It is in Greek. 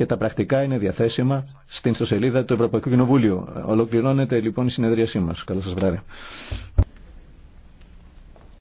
και τα πρακτικά είναι διαθέσιμα στην ιστοσελίδα του Ευρωπαϊκού Κοινοβούλιο. Ολοκληρώνεται λοιπόν η συνεδρίασή μας. Καλό σας βράδυ.